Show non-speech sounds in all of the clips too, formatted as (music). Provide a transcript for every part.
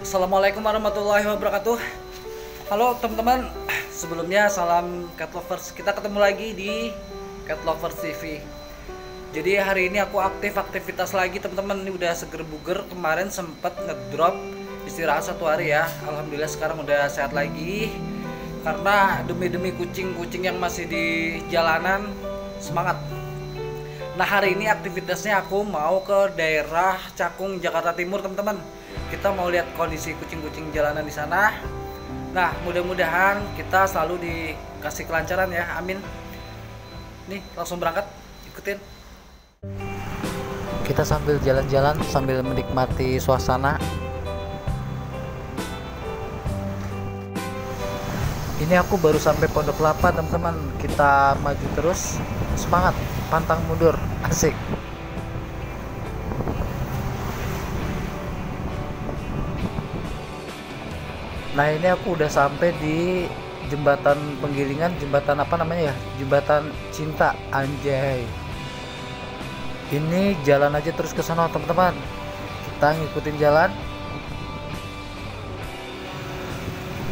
Assalamualaikum warahmatullahi wabarakatuh Halo teman-teman Sebelumnya salam cat lovers Kita ketemu lagi di cat lovers TV Jadi hari ini aku aktif aktivitas lagi teman-teman Ini udah seger buger Kemarin sempet ngedrop istirahat satu hari ya Alhamdulillah sekarang udah sehat lagi Karena demi-demi kucing-kucing yang masih di jalanan Semangat Nah hari ini aktivitasnya aku mau ke daerah Cakung Jakarta Timur teman-teman kita mau lihat kondisi kucing-kucing jalanan di sana. Nah, mudah-mudahan kita selalu dikasih kelancaran ya. Amin. Nih, langsung berangkat. Ikutin. Kita sambil jalan-jalan sambil menikmati suasana. Ini aku baru sampai Pondok Lapa, teman-teman. Kita maju terus. Semangat, pantang mundur. Asik. nah ini aku udah sampai di jembatan penggilingan jembatan apa namanya ya jembatan cinta anjay ini jalan aja terus ke sana teman-teman kita ngikutin jalan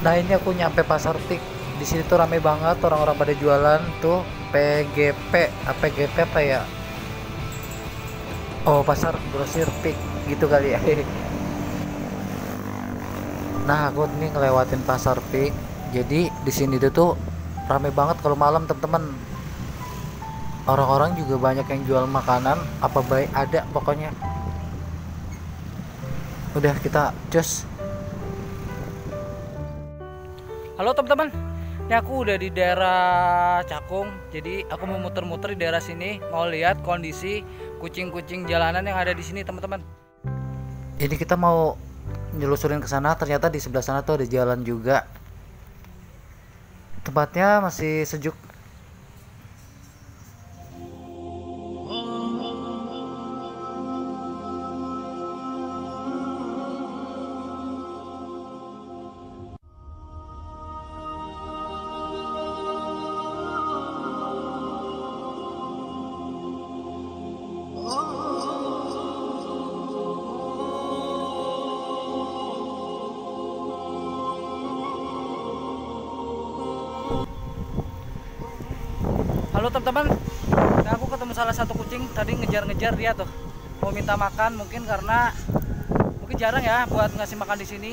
nah ini aku nyampe pasar tik di sini tuh rame banget orang-orang pada jualan tuh PGP apa ah, PGP apa ya oh pasar grosir tik gitu kali ya (laughs) nah aku nih ngelewatin pasar P jadi di sini itu tuh rame banget kalau malam temen-temen orang-orang juga banyak yang jual makanan apa baik ada pokoknya udah kita cus halo teman-teman ini aku udah di daerah Cakung jadi aku mau muter-muter di daerah sini mau lihat kondisi kucing-kucing jalanan yang ada di sini teman-teman ini kita mau nyelusurin ke sana ternyata di sebelah sana tuh ada jalan juga tempatnya masih sejuk halo teman-teman nah, aku ketemu salah satu kucing tadi ngejar-ngejar dia tuh mau minta makan mungkin karena mungkin jarang ya buat ngasih makan di sini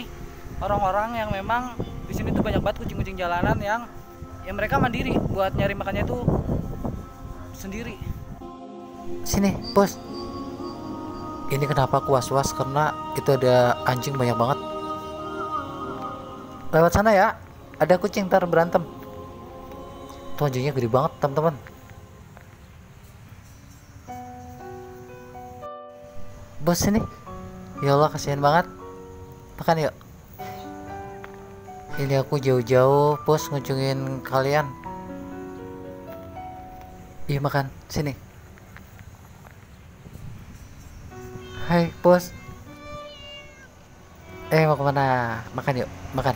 orang-orang yang memang di sini tuh banyak banget kucing-kucing jalanan yang ya mereka mandiri buat nyari makannya itu sendiri sini bos ini kenapa aku was-was karena itu ada anjing banyak banget lewat sana ya ada kucing ntar berantem Tuh anjingnya gede banget teman-teman. Bos ini, ya Allah kasihan banget. Makan yuk. Ini aku jauh-jauh bos ngunjungin kalian. Iya makan sini. Hai bos. Eh mau kemana? Makan yuk, makan.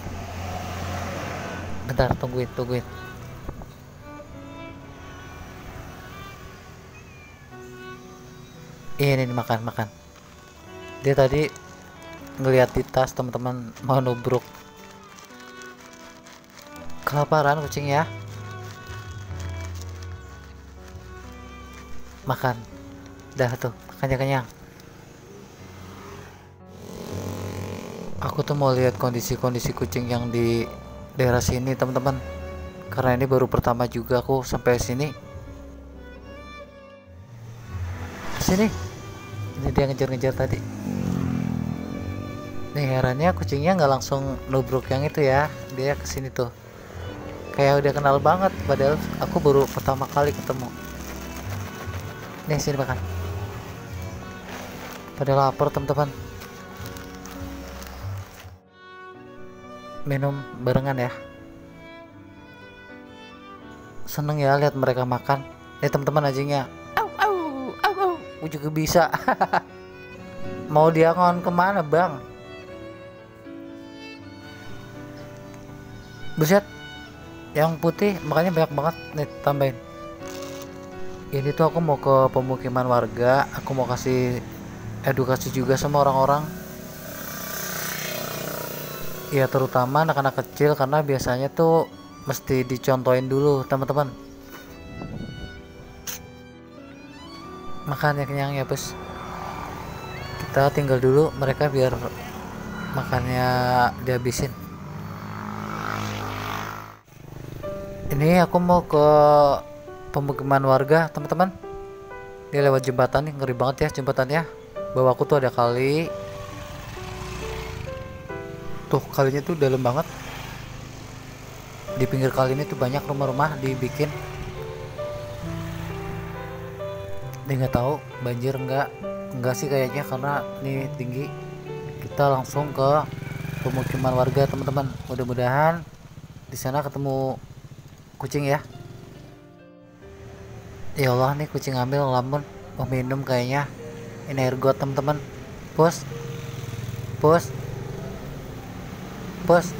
Bentar tungguin, tungguin. ini makan makan dia tadi ngelihat di tas teman-teman mau nubruk kelaparan kucing ya makan dah tuh makannya kenyang aku tuh mau lihat kondisi-kondisi kucing yang di daerah sini teman-teman karena ini baru pertama juga aku sampai sini sini jadi dia ngejar-ngejar tadi nih herannya kucingnya nggak langsung nubruk yang itu ya dia kesini tuh kayak udah kenal banget padahal aku baru pertama kali ketemu nih sini makan pada lapar teman-teman minum barengan ya seneng ya lihat mereka makan nih teman-teman anjingnya Gue juga bisa. (laughs) Mau dia ngon kemana bang? Buset, yang putih makanya banyak banget nih tambahin. Ini tuh aku mau ke pemukiman warga, aku mau kasih edukasi juga sama orang-orang. Ya terutama anak-anak kecil karena biasanya tuh mesti dicontohin dulu teman-teman makan ya kenyang ya bos kita tinggal dulu mereka biar makannya dihabisin ini aku mau ke pemukiman warga teman-teman ini lewat jembatan nih ngeri banget ya jembatannya bawah aku tuh ada kali tuh kalinya tuh dalam banget di pinggir kali ini tuh banyak rumah-rumah dibikin ini nggak tahu banjir nggak nggak sih kayaknya karena ini tinggi kita langsung ke pemukiman warga teman-teman mudah-mudahan di sana ketemu kucing ya ya Allah nih kucing ambil lamun mau minum kayaknya ini air got teman-teman bos bos bos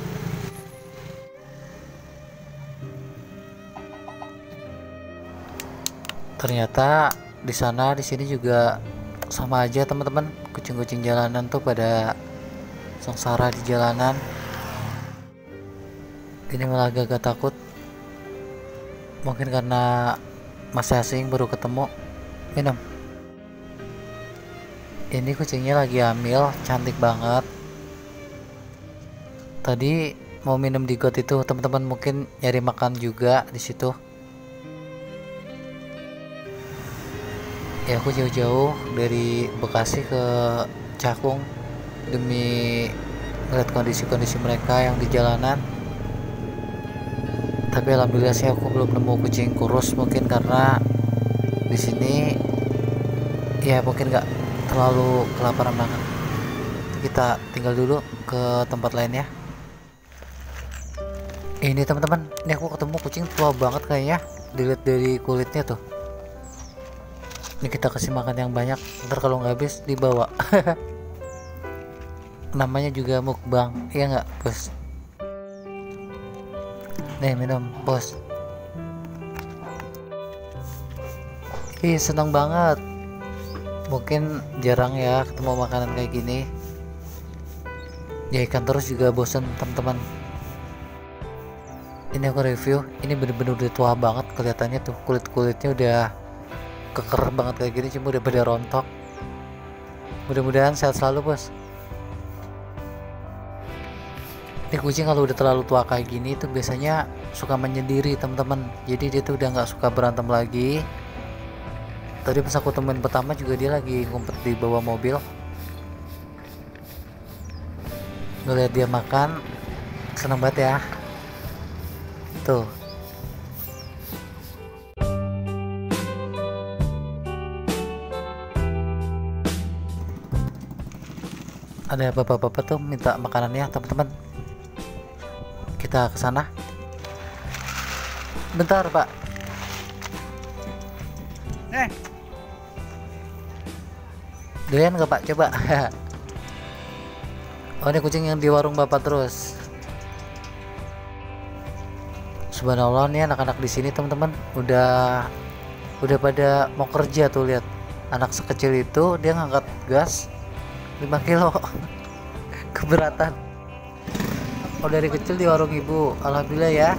ternyata di sana di sini juga sama aja teman-teman kucing-kucing jalanan tuh pada sengsara di jalanan ini malah agak takut mungkin karena masih asing baru ketemu minum ini kucingnya lagi hamil cantik banget tadi mau minum di got itu teman-teman mungkin nyari makan juga di situ ya aku jauh-jauh dari Bekasi ke Cakung demi melihat kondisi-kondisi mereka yang di jalanan tapi alhamdulillah sih aku belum nemu kucing kurus mungkin karena di sini ya mungkin nggak terlalu kelaparan banget kita tinggal dulu ke tempat lain ya ini teman-teman ini aku ketemu kucing tua banget kayaknya dilihat dari kulitnya tuh ini kita kasih makan yang banyak ntar kalau nggak habis dibawa (laughs) namanya juga mukbang ya nggak bos nih minum bos ih seneng banget mungkin jarang ya ketemu makanan kayak gini ya ikan terus juga bosen teman-teman ini aku review ini bener-bener udah tua banget kelihatannya tuh kulit-kulitnya udah keker banget kayak gini cuma udah pada rontok mudah-mudahan sehat selalu bos ini kucing kalau udah terlalu tua kayak gini itu biasanya suka menyendiri teman-teman jadi dia tuh udah nggak suka berantem lagi tadi pas aku temuin pertama juga dia lagi ngumpet di bawah mobil ngeliat dia makan seneng banget ya tuh ada bapak-bapak tuh minta makanannya teman-teman kita ke sana bentar pak eh doyan gak pak coba (laughs) oh ini kucing yang di warung bapak terus subhanallah nih anak-anak di sini teman-teman udah udah pada mau kerja tuh lihat anak sekecil itu dia ngangkat gas 5 kilo keberatan oh dari kecil di warung ibu alhamdulillah ya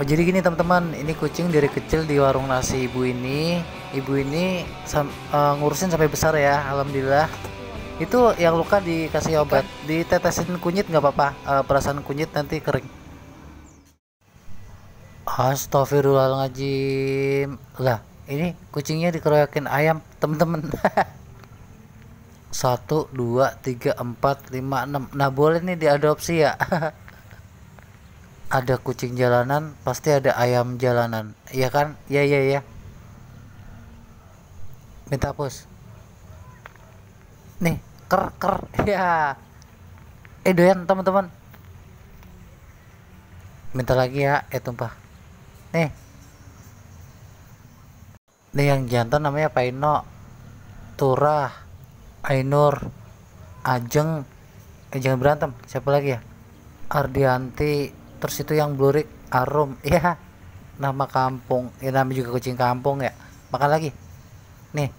Oh, jadi gini teman-teman, ini kucing dari kecil di warung nasi ibu ini, ibu ini sam, uh, ngurusin sampai besar ya, alhamdulillah. Itu yang luka dikasih obat, ditetesin kunyit nggak apa-apa, uh, eh, perasaan kunyit nanti kering. Astagfirullahaladzim, lah ini kucingnya dikeroyokin ayam temen-temen (laughs) satu dua tiga empat lima enam nah boleh nih diadopsi ya (laughs) ada kucing jalanan pasti ada ayam jalanan ya kan ya ya ya minta pos nih ker ker (laughs) ya eh doyan teman-teman minta lagi ya eh tumpah nih nih yang jantan namanya Paino Turah Ainur Ajeng eh, jangan berantem siapa lagi ya Ardianti terus itu yang Blurik Arum (laughs) iya nama kampung ya nama juga kucing kampung ya makan lagi nih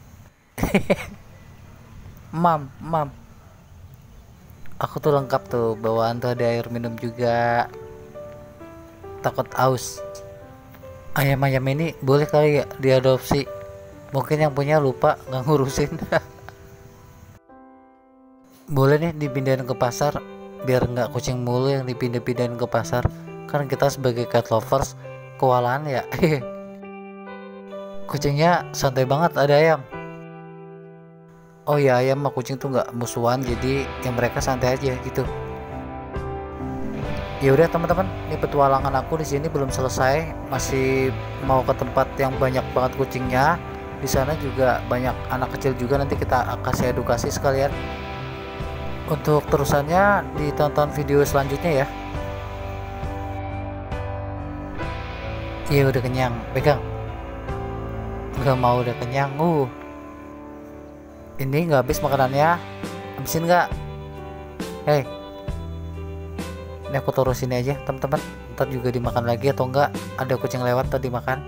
(laughs) mam mam aku tuh lengkap tuh bawaan tuh ada air minum juga takut aus ayam-ayam ini boleh kali ya diadopsi mungkin yang punya lupa nggak ngurusin (laughs) boleh nih dipindahin ke pasar biar nggak kucing mulu yang dipindah-pindahin ke pasar kan kita sebagai cat lovers kewalahan ya (laughs) kucingnya santai banget ada ayam oh ya ayam sama kucing tuh nggak musuhan jadi yang mereka santai aja gitu ya udah teman-teman ini petualangan aku di sini belum selesai masih mau ke tempat yang banyak banget kucingnya di sana juga banyak anak kecil juga nanti kita kasih edukasi sekalian untuk terusannya ditonton video selanjutnya ya iya udah kenyang pegang nggak mau udah kenyang uh ini nggak habis makanannya habisin nggak hei ini aku taruh sini aja teman-teman ntar juga dimakan lagi atau enggak ada kucing lewat tadi makan?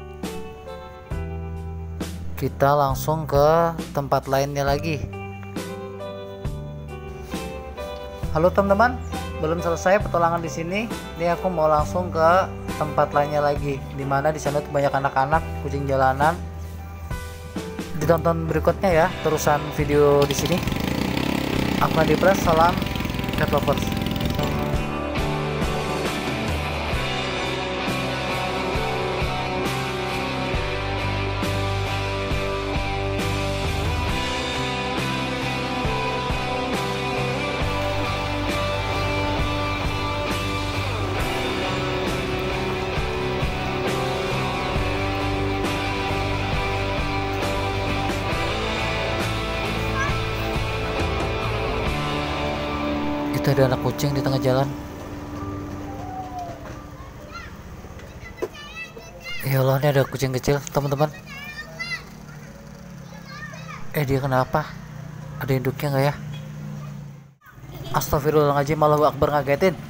kita langsung ke tempat lainnya lagi halo teman-teman belum selesai petualangan di sini ini aku mau langsung ke tempat lainnya lagi dimana di sana banyak anak-anak kucing jalanan ditonton berikutnya ya terusan video di sini aku di press. salam cat lovers Itu ada anak kucing di tengah jalan. Ya Allah, ini ada kucing kecil, teman-teman. Eh, dia kenapa? Ada induknya nggak ya? Astagfirullahaladzim, malah Akbar ngagetin.